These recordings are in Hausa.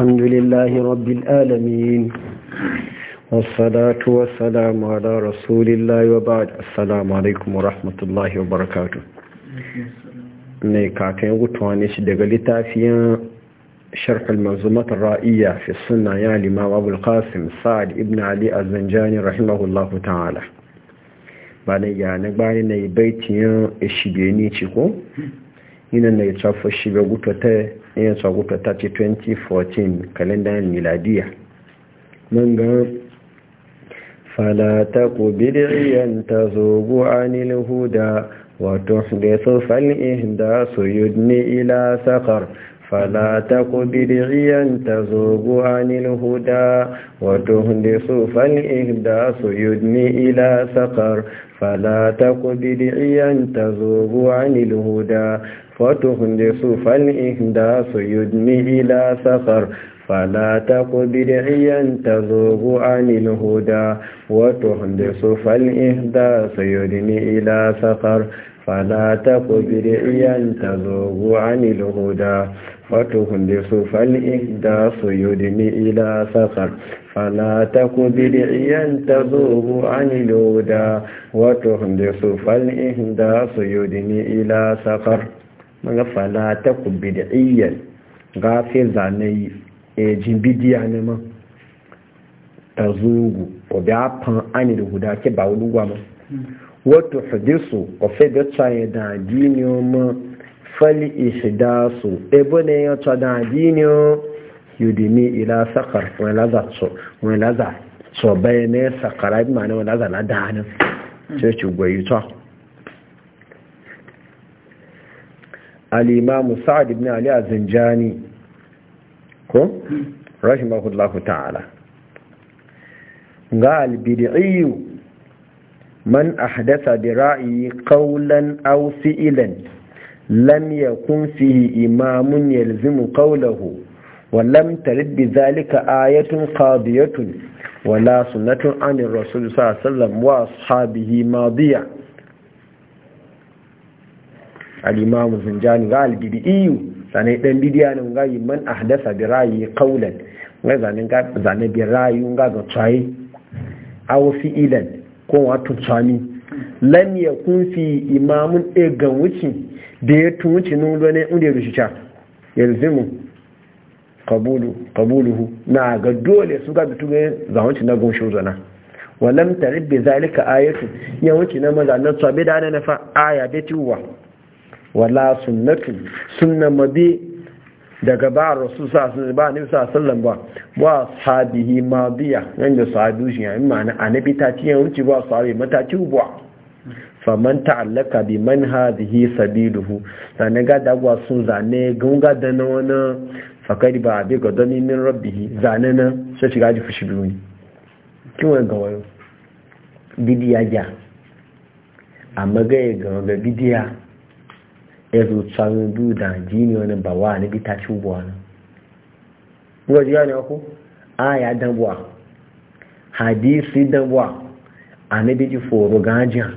الحمد لله رب العالمين والصلاة والسلام على رسول الله وبعد السلام عليكم ورحمة الله وبركاته ne kakan gutuwa ne shi daga littafiyan sharh al-manzumat raiyya fi sunna ya limam Abu al-Qasim Sa'd ibn Ali az-Zanjani rahimahullahu ta'ala bane ya ne bane ne baitiyan shibeni ci ko ina ne tsafa shibe gutuwa ta ɗaya tsagufta ta ce 2014 kalendar miladiya mun ga falata ku bidiyan ta zogu anil huda wato da su fali da su yudni ila sakar falata ku bidiyan ta zogu anil huda wato da su fali da su yudni ila sakar فلا تك بدعيا تزوغ عن الهدى فتهندس فالإهداس يدني إلى سفر فلا تك بدعيا تزوغ عن الهدى وتهندس فالإهداس يدني إلى سفر فلا تك بدعيا تزوغ عن الهدى فتهندس فالإهداس يدني إلى سفر فلا تك بدعيا تذوب عن الهدى وتحدث فالإهداث يدني إلى سقر فلا تك بدعيا غافل زاني ejin bidiya ne ma ta zugu ko bi apan da guda ke ba oluwa ma wato hadisu ko fe da tsaye da adini o ma fali ihdasu ebo ne yo tsa da adini o yudimi ila sakar wani laza so bai ne sakara bi ma'ana wani laza na danin cece gwayi ta al'imamu sa'ad ibn ali a zinjani ko rashin mahullahu ta'ala ga albidi'iyu man ahdasa bi ra'ayi qawlan aw fi'lan lam yakun fihi imamun yalzimu qawlahu ولم ترد بذلك آية قاضية ولا سنة عن الرسول صلى الله عليه وسلم وأصحابه ماضية الإمام الزنجان قال بدئي سنة بديان غاي من أحدث برأي قولا zane bi rayu ga ga tsaye aw fi'ilan ko wato tsami lam yakun fi imamun e ga wuci da ya tuwuci nun ne inda ya rushe ta yalzimu qabuluhu na ga dole su ga bitugin zahunci na gunshi zana walam tarib bi zalika ayatu yawanci na maza na tsabe da na fa aya da tiwa wala sunnatu sunna mabi daga ba rasul sa sun ba ni sa sallan ba wa sahabihi madiya nan da sahabu shi ya ma'ana annabi ta ci yawanci ba sahabi mata ci ba faman ta'allaka bi man hadhihi sabiluhu sanaga ga dagwa sun zane gunga da na wani fakari ba abe ga domin min rabbihi zane na sai shiga ji fushi biyu ne kiwon ga wayo bidiya ja amma ga ya ga ga bidiya ya zo tsarin biyu da jini wani ba wa ni bi ta ci ubuwa na ga ji gane ko aya dan buwa hadisi dan buwa anabi ji foro gajiya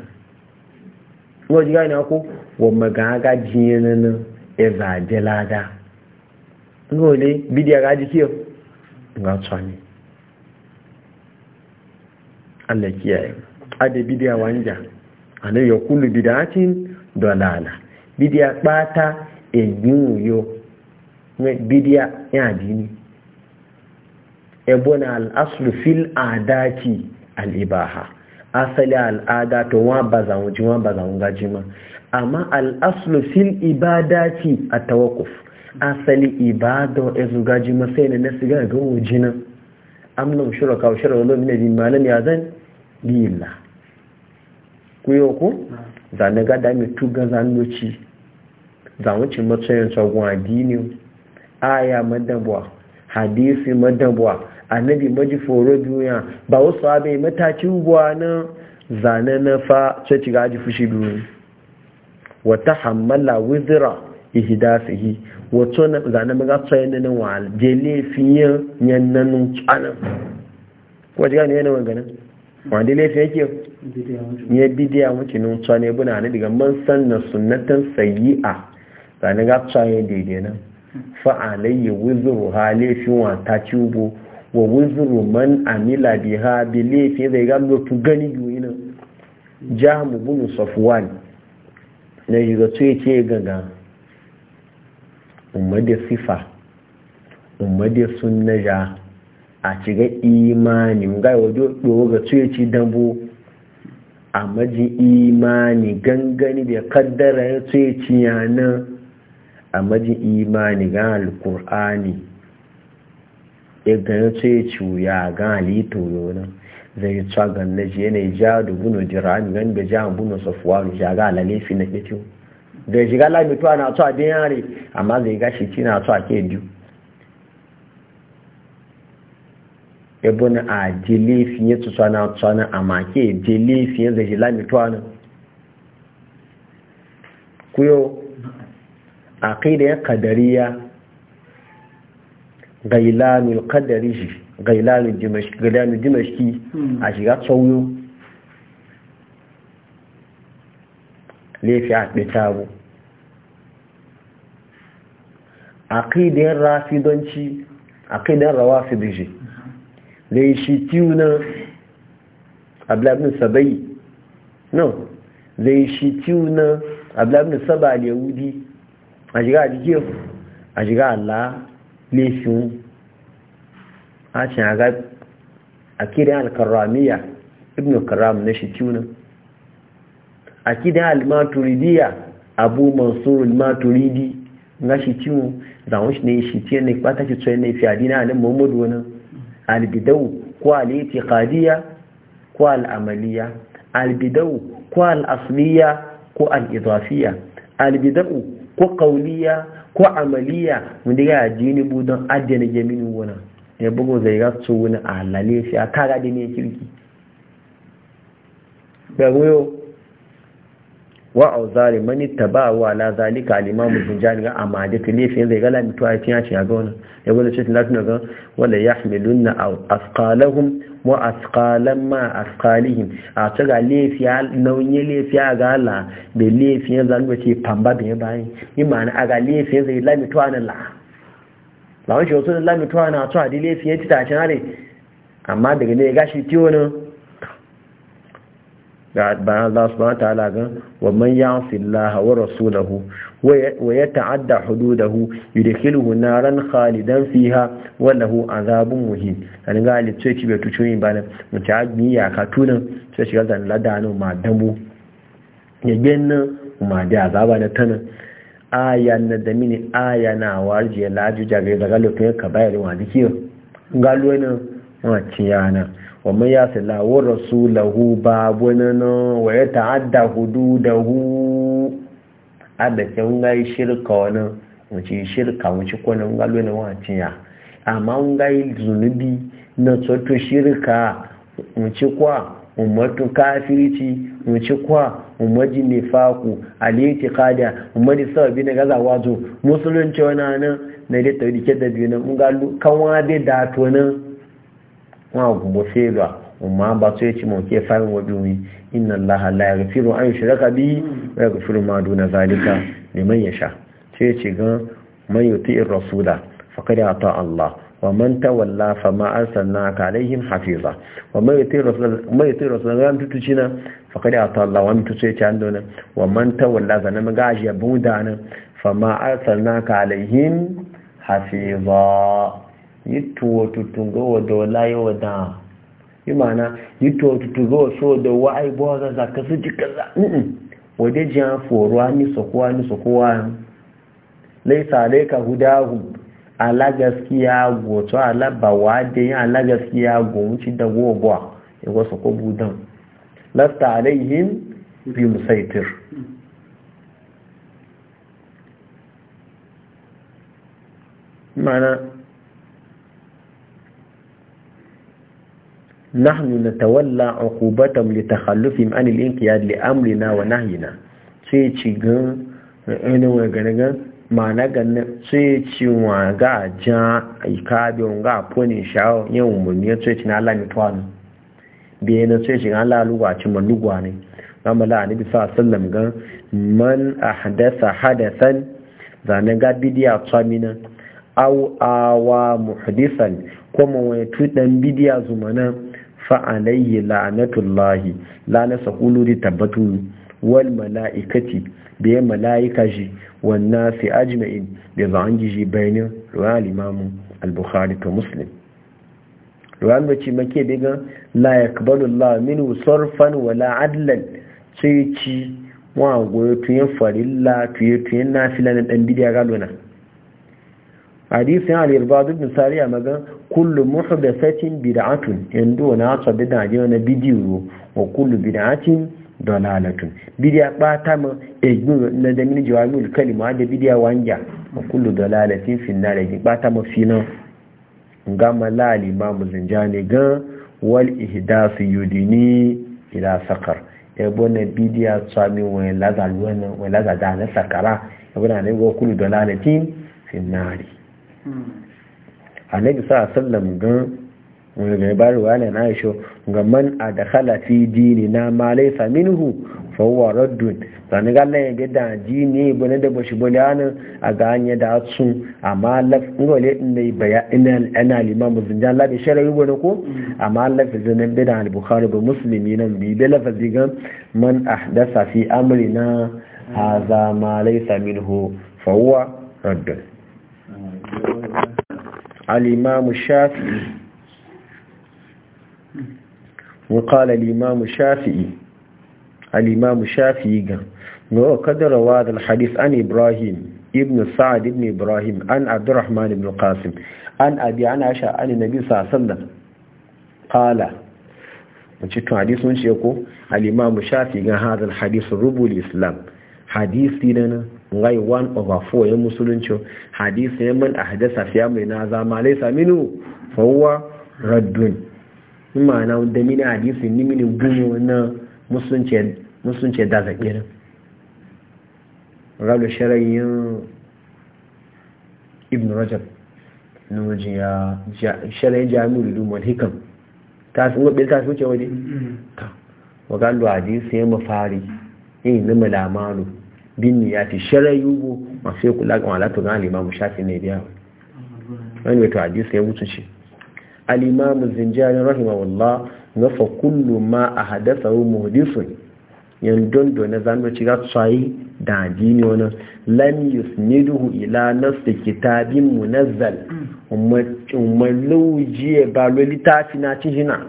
ga ji gane ko wa magaga jini na ya zaje lada ngole bidiya gaji kiyo ga tsani Allah kiyaye ade bidiya wanja ane yo kullu bidatin dalala bidiya bata eyin yo ne bidiya ya dini ebona al aslu fil adati al ibaha asali al'ada to wa ba za mu ji wa ba za mu gaji ma amma al aslu fil ibadaci a tawakkuf asali ibada ezuga ji masai na siga ga wujina amnum shuraka wa shuraka lo min bi malam ya zan billa ku yo ku zane ga da zan tuga zanoci zanuci matsayin tsagon addini aya madabwa hadisi madabwa annabi maji foro duniya ba wasu abai matakin ruwa na zane na fa sai ci gaji fushi duniya wata hammala wizira ihidasihi wato na zane maga tsaye na nan wa jele fiye yan nan tsanan ko ji gane yana wanganin wanda laifin yake ya bidiya wuce nun tsane buna na daga man sanna sunnatan sayi'a zane ga tsaye daidai nan hmm. fa'alayya wuzuru ha laifin wa ta cubo wa wuzuru man amila biha bi laifin zai ga mutu gani biyu nan hmm. jamu bunu safwan na yi ga tsaye ce ganga umade sifa umade ja a ciga imani ga wajo doga ci dambu a maji imani gangani da kaddara ya ci yana a maji imani ga alkur'ani ya gani ci ya ga halittu yana zai tsagan na je ne ja da guno jirani gan da ja guno safuwa ja ga lalefi na fitiyo da shiga lamituwa na a din yare amma zai gashi ci na a ke biyu ibn a jili fiye a na tsawa na ke jili fiye da shi lamituwa na kuyo aqida ya qadariya gailanul qadari shi gailanul dimashki gailanul dimashki a shiga tsauyo lefi a ɓetabu aqidar rafidanci aqidar rawafidiji da shi tiuna ablabin sabai no da shi tiuna ablabin sabal yahudi a shiga jike a shiga Allah lefin a cin aga akidan alkarramiya ibn karam na shi tiuna akidan almaturidiya abu mansur al-maturidi na shi tiuna zawon shi ne shi ce ne ta shi tsoye ne fi adina alin muhammadu wani albidau ko al'itiqadiyya ko al'amaliya albidau ko al'asliya ko al'izafiya albidau ko kauliya ko amaliya wanda ya ji ni budon adina jamini wani ya bugu zai ga wani a kaga da ne kirki. wa auzari mani tabawa la zalika al-imam bujani ga amade tilifin zai ga gala mutu a cikin yaci ga wannan ya gwada cikin latin ga wala yahmilunna asqalahum wa asqalan ma asqalihim a ta ga lefiya nauyi lefiya ga la da lefiya zan ba ce pamba bin bayan imani a ga lefiya zai la mutu an la lawan shi wasu la mutu an a to a lefiya titacin are amma daga ne gashi tiwo ne bayan Allah subhanahu ta'ala gan wa man ya'si Allah wa rasulahu wa yata'adda hududahu na ran khalidan fiha wa lahu azabun muhin an ga ali ce ci betu cuyin bana mutaji ya ka tunan sai shiga zan lada ladanu ma damu ya genna ma da azaba na tana aya na da mini aya na warje laju jage daga lokacin ka bayar wa dikiyo galo ne wa ciyana wa mun ya salawo rasulahu babu nan wa ya ta'adda hududahu adda kin ga shirka wannan wuce shirka wuce kona ngalo ne wa amma ngai zunubi na tsoto shirka wuce kwa ummatu kafirci wuce kwa ummajin nifaku al-i'tiqada ummadi sababi na gazawa zo musulunci wannan nan na da tawdike da biyu nan ngalo kan wa da to nan wọn gbogbo fẹ́ra tó àbátọ́ tí mọ̀ kí ẹ fáwọn wọ́bí wọn iná láhàlá ẹ̀rẹ̀ fíro ayò ṣẹlẹ́ka bí ẹ̀rẹ̀ fíro máa dúnà zálíkà ní mẹ́yẹ̀ṣà tí ẹ̀kí gan mẹ́yẹ̀ tí ì rọ̀súdà fọ́kẹ́dẹ̀ àtọ́ allah wa man tawalla fa ma arsalnaka alaihim hafiza wa na fa kada ta Allah wa sai wa man ya na hafiza yittuwo tutungo da walaye wada yi mana yittuwo tutungo so da wa aibuwa za za ka su ji kaza wadda jiya foruwa ni sokowa ni sokowa laisa laika hudahu ala gaskiya go to ala bawa da yin ala gaskiya go wuce da gogowa ya wasu ko budan lasta alaihin bi musaitir mana nahnu natawalla uqubatam li takhallufihim anil inqiyad li amrina wa nahyina sai ci gan ina wa ganaga mana ganna sai ci wa ga ja ikabe ga poni shawo yin umurni sai ci na Allah ni twan bi na sai ci Allah lugwa ci man lugwa ne amma la annabi sallallahu alaihi wasallam gan man ahdasa hadasan zane ga bidiya tsamina aw awa muhdisan kuma wani tudan bidiya zumanan fa'alayhi la'anatullahi lanasa kuluri tabbatu wal mala'ikati ya mala'ika shi wannan ajma'in da za'an gishi bayanin ruwan limamin al-bukhari to muslim ruwan mace make daga la'akbalullah min sarfan wala adlan sai ci wa goyo tuyen farilla tuye-tuyen na fila na ɗan bidiyar galona hadisin al-irbad ibn sariya magan kullu muhdathatin bid'atun yando wani aka bid'a je na bidiyo wa kullu bid'atin dalalatun ba ta ma egun na da mini jawabul kalima da bidiya wanja wa kullu dalalatin fi nar ba ta ma fina ga malal imam zinjani ga wal ihdas yudini ila sakar ebo na bidiya tsami wa lazaluwa wa lazada na sakara ebo na ne wa kullu dalalatin fi nari A annabi sa sallam gan wani mai bari ne na isho ga man a da halafi dini na ma laisa minhu fa huwa raddun sani ga lan gida da dini bane da bashi bulanin a ga hanyar da su amma laf ngole ne baya ina ana limam zinjan la bi shar'i wani ko amma lafazin nan da al-bukhari ba musulmi nan bi da lafazi gan man ahdasa fi amrina hadha ma laisa minhu fa huwa raddun الإمام الشافعي وقال الإمام الشافعي الإمام الشافعي وقد روى هذا الحديث عن إبراهيم ابن سعد ابن إبراهيم عن عبد الرحمن بن القاسم عن أبي عن عشاء عن النبي صلى الله عليه وسلم قال cikin hadisi mun ce ko al-imam shafi ga hadal hadis rubul islam ngai 1 over 4 ya musulunci hadisi ya man ahdasa fiya mai na zama laisa minu fa huwa raddun ma'ana da mini hadisi ni mini gumi na musulunci musulunci da zaɓe nan rabu sharayin ibn rajab ya sharayin jami'ul lumul hikam ta sun gobe ta sun ce waje mm-hmm. wa gallu hadisi ya mafari yin eh, na malamalu bin niyati sharayubu masu kula ga wala to ga limamu shafi ne biya wani wato hadisi ya mutu shi al-imamu zinjani rahimahullah na fa kullu ma a ahdathahu muhdithun yandon do na zanu ci ga tsayi da addini wani lam yusniduhu ila nafsi kitabin munazzal umarlujiye ba lolita fi na ci hina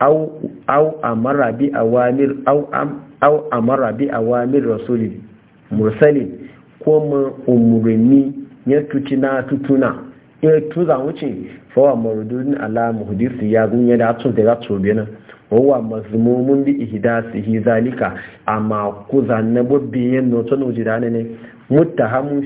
au amara bi awamir au au amara bi awamir rasuli mursali ko mu umurni ya tutina tutuna ya tuza wuce wa marudun ala muhdisi ya gun ya da tun da tso bena wa mazmumun bi ihdasihi zalika amma kuzan na bobbi yen no tun wujida ne muttahamun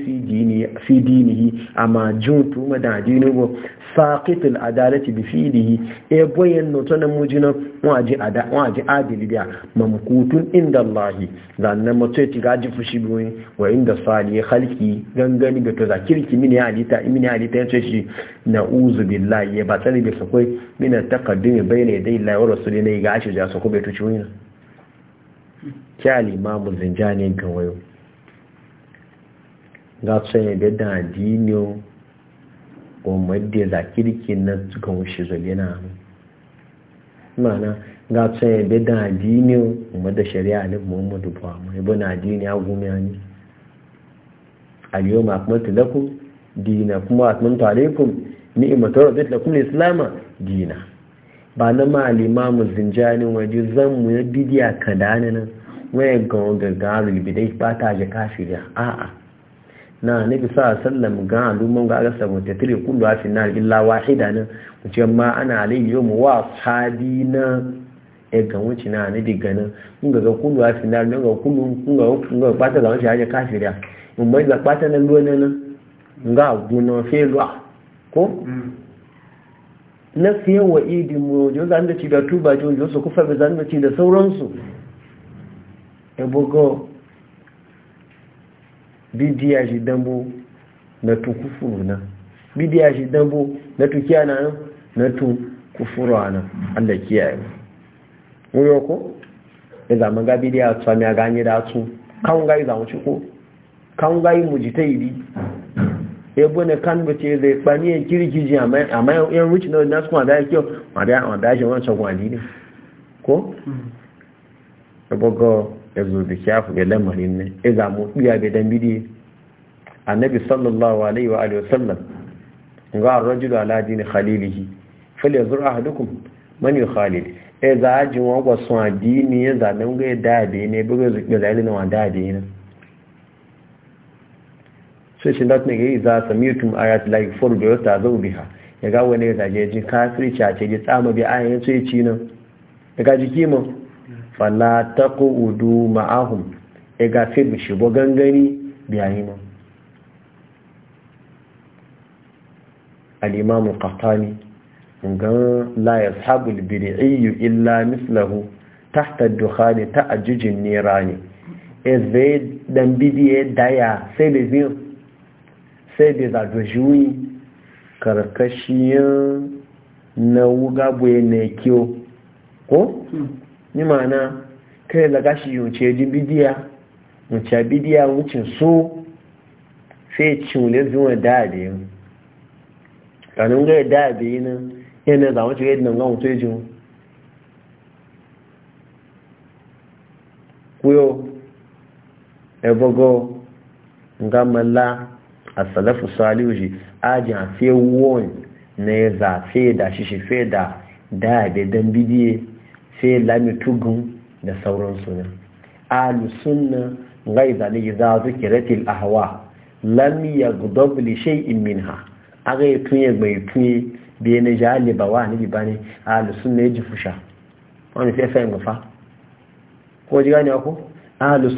fi dinihi amma jin tuma da adini bo saqitul adalati bi fidihi e boyen na tonan mujina waji ada waji adili biya mamkutun inda Allah zanna mace ti gaji fushi biyoyin wa inda salihi khalqi gangani ga to zakirki mini alita mini alita yace shi na'uzu billahi ya batsani bi sakoi mina taqaddumi bayna yaday Allah wa rasulihi ga shi ja sako bai tuci wina kyali mamu zinjani wayo ga tsaye da dadiniyo gwamnati za kirki na tukun wuce zobe na mana ga tsaye da dadiniyo kuma da shari'a ne muhammadu buhari ibo na adini agumi Aliyu ma kuma tilaku dina kuma atmanta alaikum ni'imatu rabbil lakum islama dina ba na ma alimamu zinjani waje zan mu ya bidiya kadana nan waya ga gagarul bidai ba ta ji kafiriya a'a na nabi sa sallam ga alumun ga agasa mu tatire kullu asin na illa wahida mu ce ma ana alayhi yawm wa sahabi na e ga wuce na nabi ganin mun ga kullu asin na ga kullu mun ga kun ga kwata da wuce haje kafiriya mun mai da kwata na luwa na ga guno fe luwa ko na fiye wa idin mu jo zan da ci da tuba jo su kufa bi zan da ci da sauransu ebogo bidiya shi dambo na tu kufuru na bidiya shi dambo na tu na na kufuru na Allah kiyaye mu yo ko Eza zaman ga ya tsa mi ga ni da tsu kan ga za mu ci ko kan ga mu ji taidi ebo ne kan go ce zai pani e kirkiji amma amma yan wuce na nasu ma da kiyo ma da ma da shi wancan kwani ne ko mm. ebogo ya zo bi kyafu ga lamarin ne ya mu biya bai dan bidi annabi sallallahu alaihi wa alihi wasallam ga ar-rajulu ala dini khalilihi falyazur ahadukum man yukhalil e za ajin wa gwa sun adini ya za nan ga da da ne bugo zuke da ilin wa da da ne sai shin dat ne ga iza samitum ayat like for do ta zo biha ya ga wani ya ji jin kafirci a ce ji tsama bi ayan sai ci nan ga ji kiman. fala taqudu ma'ahum e ga fi bi shigo gangani biyayi ma al-imam ngan la yashabu al-bid'i illa mislahu tahta ad-dukhan ta'ajjuj an-nirani e zai dan bidiye daya sai da zin sai da zadojuyi karkashiyan na wuga buye ne ko hmm. ni ma'ana kai laga shi yunce ji bidiya wuce bidiya wucin so sai cinule zuwa da da yin kanin ga da da yi nan yana zama wuce yadda nan wuce ji kuyo ebogo nga malla a salafu salihu ajiyar fe won na ya zafe da shi shi fe da da abe sai lamitugun da sauransu ne alusunna ngai zane yi za su kiratil ahwa lam ya li shay'in minha aga ya tunye mai tunye bi ne jali ba wa ni bane alu ya ji fusha wani sai sai fa. ko ji gani ko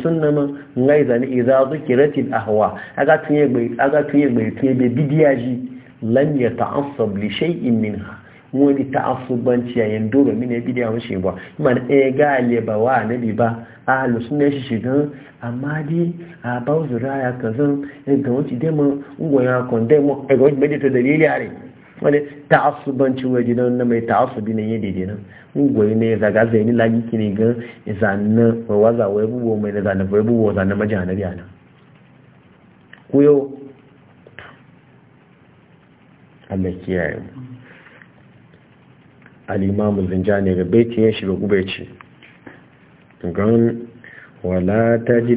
sunna ma ngai zane idza zikiratil ahwa aga tunye mai aga tunye mai tunye bi bidiyaji lam ya li shay'in minha wani ta'assubanci yayin doro mini ya bidiya wuce ba man e gale ba wa nabi ba ahlus sunna shi shigan amma di a bawzu raya kazan ga wuce demo ngoya kon demo e wani bidi to dalili are wani ta'assubanci waje don na mai ta'assubi ne yadda dai nan ngoyi ne zaga zaini lagi kini ga zanna waza wai bubo mai da zanna wai bubo zanna majana biya nan kuyo Allah kiyaye mu al'imamun zinjani ga baitin ya shiga gube ce gan wala ta ji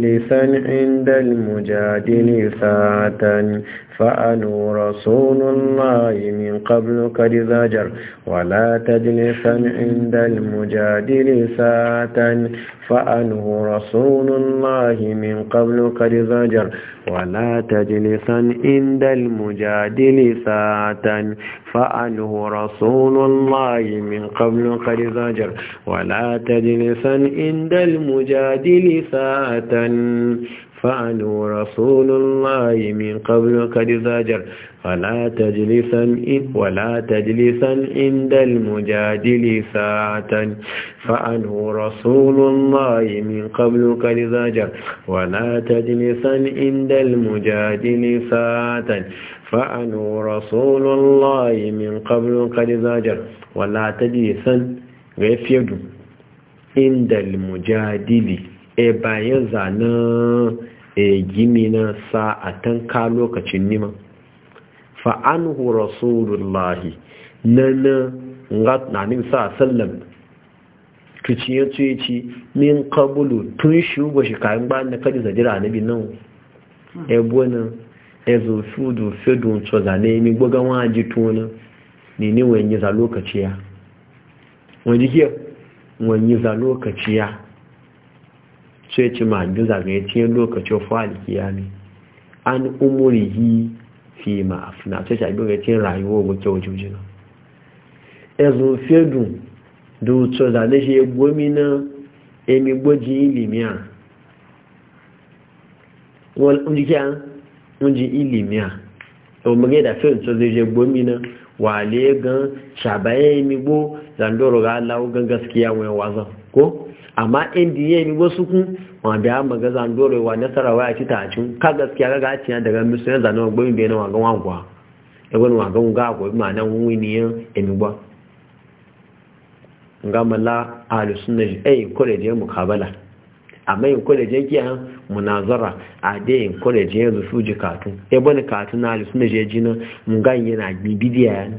inda mujadili satan فألوا رسول الله من قبل قد زجر ولا تجلسا عند المجادل ساعة فأنه رسول الله من قبل قد زجر ولا تجلسا عند المجادل ساعة فأنه رسول الله من قبل قد زجر ولا تجلسا عند المجادل ساعة فعنه رسول الله من قبل قد زاجر فلا تجلسا ولا تجلسا عند المجادل ساعة فعنه رسول الله من قبل قد زاجر ولا تجلسا عند المجادل ساعة فعنه رسول الله من قبل قد زاجر ولا تجلسا غير عند المجادل e bayan zanen e gimi na sa'atan ka lokacin nima fa an hu rasulullahi na na nin sa sallam tuciye ci min kabulu tun shugo shi kayan ba na kadi zajira na bi nan ebo nan ezo fudu fedun to zane mi gbogan waji tona Ni ne wanyi za lokaci wani kiyar wanyi za lokaci ya? sai ci ma'ajin zagayacciyar lokacin faliki ne an umurihi fi ma'afina sai ci abin gacin rayuwa wake wajen jina ezun fedun da wuce zane shi ya gomina emi gwaji ilimiya wunji ilimiya e da fedun to zai je gomina wale gan shabaye emi gbo zandoro ga alawo gan gaskiya wani wazan ko amma inda yi ni wasu kun ma biya maga zan dorewa nasara waya ci tacin ka gaskiya ga gaciya daga misu yanzu na gbomi bai na wagan wagwa ya gwani wagan ga gobe ma nan wuni yan emigba ga mala alusun na shi eh, kwalejiyar mukabala amma yin kwalejiyar kiyan munazara a dai yin kwalejiyar ji katun ya na na mun ganye na bibidiya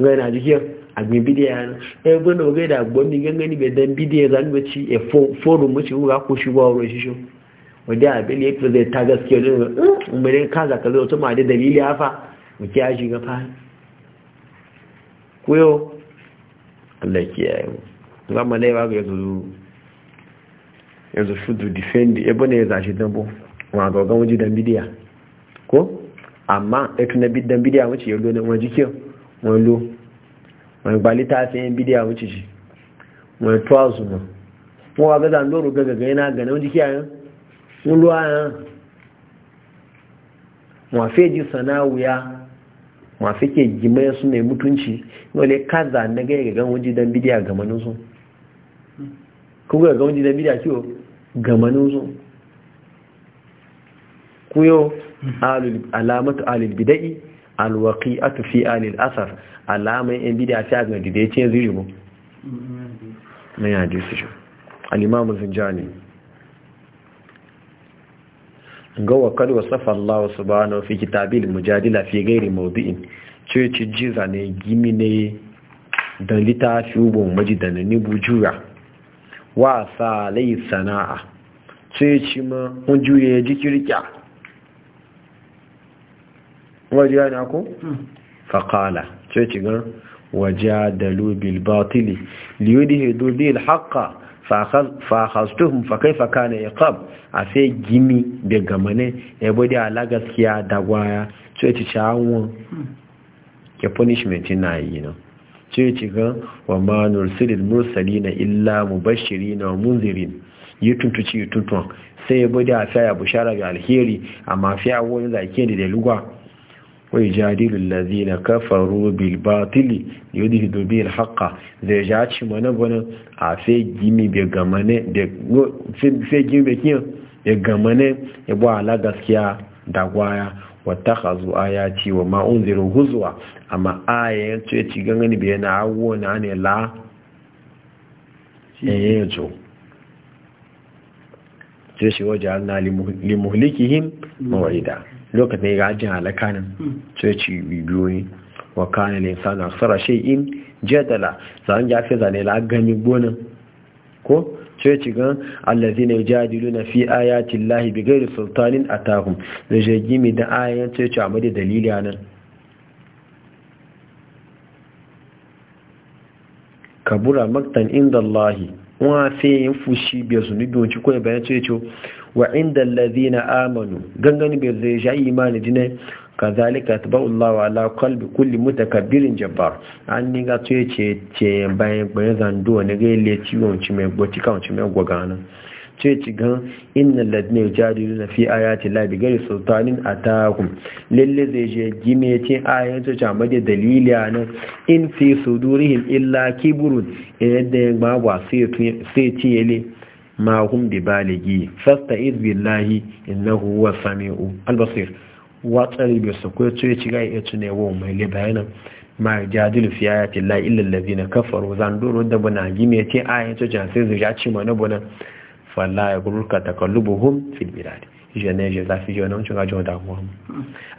ganye na jikiyar agbin bidiya yana ɗaya e, gwanda ogai da gwamni gangani bai dan bidiya zan ci e, a forum mace wuga ko shi ba shi shisho wadda abin ya fi zai ta gaske wajen hmm, umarin kaza ka zo ma da dalili hafa kiya shi ga fa kuyo allah kiyaye mu zama na yawa ga yanzu yanzu fudu defend ya bane ya zashi dambo wa gaugan waje dan bidiya ko amma ya e tuna dan bidiya mace ya lo na wajen kiyo wani lo wani bali ta fi yin bidiya wuce shi wani tuwa zuma kuma wa gaza ndoro gagaga yana gane wani jiki ayan wọn luwa ayan wọn fi ji sana'uya wọn fi ke gimai su mai mutunci wale kaza na gaya gagan wani don bidiya gamanin manuzo kuma gan wani jidan bidiya kiwo gamanin su kuyo hmm. alamatu alil bida'i alwaƙi'atu fi alil asar alamai yan bidiya ta ga da yace yanzu ribo mai su shi al-imam zinjani ga wa kad wasafa ba na fi kitabil mujadila fi gairi maudu'in cewa jiza ne gimi ne dan litafi ubon majidan ni bujura wa sa sana'a ce ci ma kun juye kirka. waje yana ku hmm. faƙala ce ci gan wajadalu bil batili liyudhidu bil haqqi fa khastuhum fa na kana a afe gimi da gamane e bodi ala gaskiya da gwaya so ci chawo hmm. ke punishment na yi no so ci ga wa ma nursilil na illa mubashirin wa munzirin yutuntu ci tuntun sai bodi afa ya bushara ga alheri amma fi awon zakiyar da lugwa wai jaririn lalzi na kafa rubil batili yadda ke dobe yin haka zai ja ci mana gwanin a sai gini bai ne ya bu ala gaskiya da gwaya wata ka zuwa ya ci wa ma'un zirin huzuwa a ma'ayyancin ci gangani bai yana awo na ne la ya yi yanzu sai shi waje halna limuhlikihim mawa'ida lokacin ya gajin halaka nan sai ci biyu ne wa kana ne sana sara in jadala zan ja fi zane la gani gonan ko sai ci gan allazina na fi ayati bi bighairi sultanin atahum da jagi mi da ayan sai ci amma da dalili nan kabura maktan inda allahi wọn fi yin fushi bai zunubi wanci kawai bayan ce ce wa inda na amanu gangani bai zai sha imani jine ka zalika ta ba'ullah wa ala kalbi kulli kabirin jabbar an ni ga ce ce bayan bayan zando wani ga ile ciwon ci mai mai gwaganin ce ci gan inna ladina yujadilu na fi ayati la bi gari sultanin takun lalle zai je gime ce ayan su ta made dalili nan in fi durihin illa kiburun yadda ya gbagwa sai ci yale ma da bi baligi fasta'iz billahi innahu huwa samiu albasir watsari bai su kuwa ce ci gai ya tune wa mai libayanan ma jadilu fi ayati la illa allazina kafaru zan duro da bana gime ce ayan su sai zai ci mana bunan fala ya gururka takallubuhum fil bilad jene je zafi je wannan cin gajin da kuma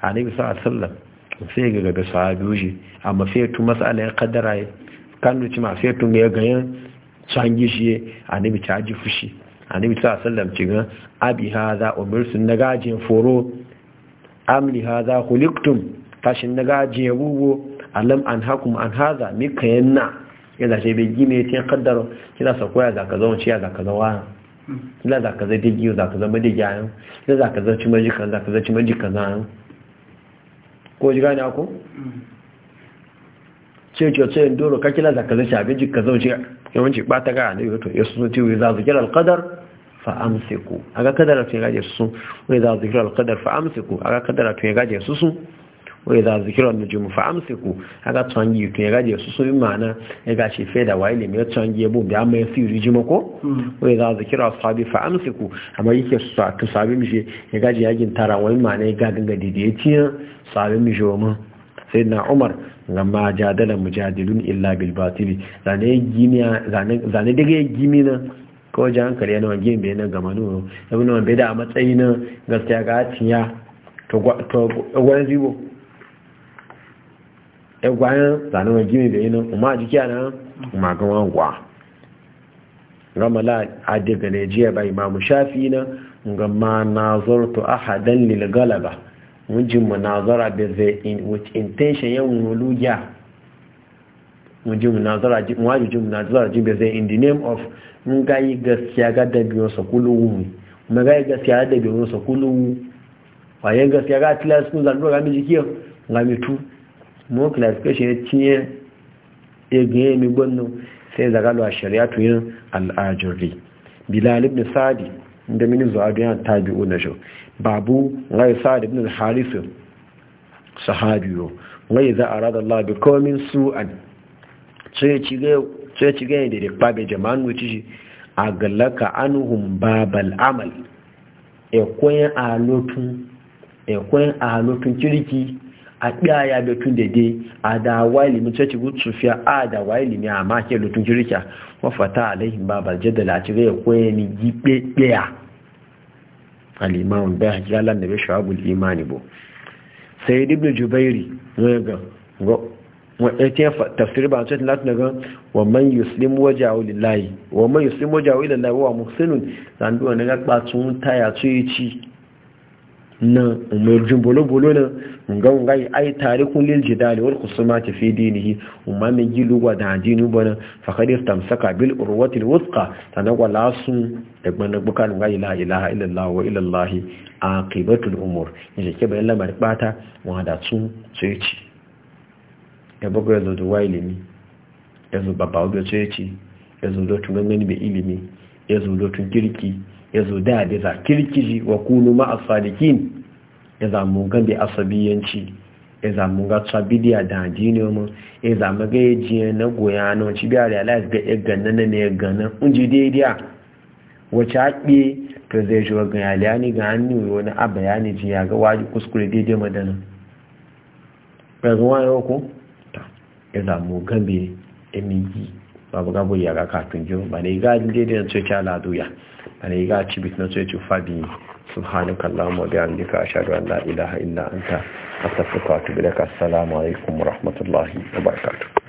annabi sallallahu alaihi wasallam sai ga ga sahabi amma sai tu masala ya kaddara kan duci ma sai tun ya ganyen sangi shi annabi ta ji fushi annabi sallallahu alaihi wasallam cin abi hadha umirsun na gajin foro amli hadha khuliqtum tashin na gajin yabubo alam an hakum an hadha mikayanna yana ce bai gine tin kaddara kina sakoya zaka zauna ciya zaka zauna la za ka zai digi za ka zama digi yayin la za ka zai ci maji kan za ka zai ci maji kan ko ji gani ako ce ce ce doro ka kila za ka zai abin jika zauce yawanci ba ta gaya ne wato ya sun ce za su gira alkadar fa a ga kadara tun ya gaje su sun wai za su gira alkadar fa a ga kadara tun ya gaje su sun wai za a zikira na jimu fa amsiku aga tsangi to ya gaje su sun ma'ana. ya gashi fe da wai ne mai tsangi ya bubi amma ya siri jima ko wai za a zikira sabi fa amsiku amma yake su ta sabi mishi ya gaje yakin tara wai ma'ana ya gagan ga dide ya ciya sabi mishi wa mun sai na umar gamma jadala mujadilun illa bil batili zane gimiya ya gimi na gimina ko ji hankali yana wange bai na gama nuna ya bi na bai da a matsayi na gaskiya ga tiya to wani zibo ya gwayan zanen gini da yinin umar jiki yana magan wangwa la adiga ne jiya bai mamu shafi na ga ma nazartu ahadan lil galaba mujin munazara be zai in with intention ya wuluja mujin munazara ji mujin munazara ji zai in the name of mun ga yi gaskiya ga da biyo sa kuluwu mun ga yi gaskiya da biyo sa kuluwu waye gaskiya ga tilas kun zan dora mi jikiyo ga tu. mo classification ya cinye egin ya mi gbanno sai zagalo a shari'atu yin al'ajirri bilal ibn sadi da mini zuwa biyan tabi'u na shu babu ngai sadi ibn harisu sahabiyo ngai za a radar labi komin su'an sai ci ganye da rikpa bai jama'an wuce shi a galaka anuhun babal amal ekwen alotun e kirki a ɗaya da tun da dai a da waili mun cece gudu sufiya a da waili ne a makin lutun kirkiya mafata alaihim babal jadala a cire ya koya ni yi ɗaya alimamun bai hajjalan da bai shawabul imani bo sai ibn jubairi zai ga ta tafsir ba cikin latin daga wa man yuslim wajahu lillahi wa man yuslim wajahu lillahi wa muhsinun dan duwa ne ga taya su yi ci na umarjin bolo-bolo na ngan gai ai tare lil jidali wal ta fi dinihi mai min giluwa da addini bana fa kad istamsaka bil urwati al na tanawwa lasu da bana bukan gai la ilaha illallah wa illallah aqibatu umar, umur ne ke bayan lamar bata wa da su ya ci ya bugo da duwaili ya yanzu babba da sai ci yanzu da tunan ne bi ilimi yanzu da tun kirki ya zo da da za kirkiji wa kunu ma'a sadikin ya zamu gan asabiyanci ya zamu ga tsabidiya da wa mu ya zamu ga yaji na goya na wacce biya realize ga ya gana na ne gana un ji daidai wacce haƙe ta zai shi wa ga ni ga hannu wani a bayani ji ya ga waje kuskure daidai madana ya zuwa yau ko ya zamu gan babuga buyaga katunjo bane ga dinde da tsoci ala duya bane ga cibit na tsoci fabi subhanakallahumma wa bihamdika ashhadu an la ilaha illa anta astaghfiruka wa atubu ilaik assalamu alaikum wa rahmatullahi wa barakatuh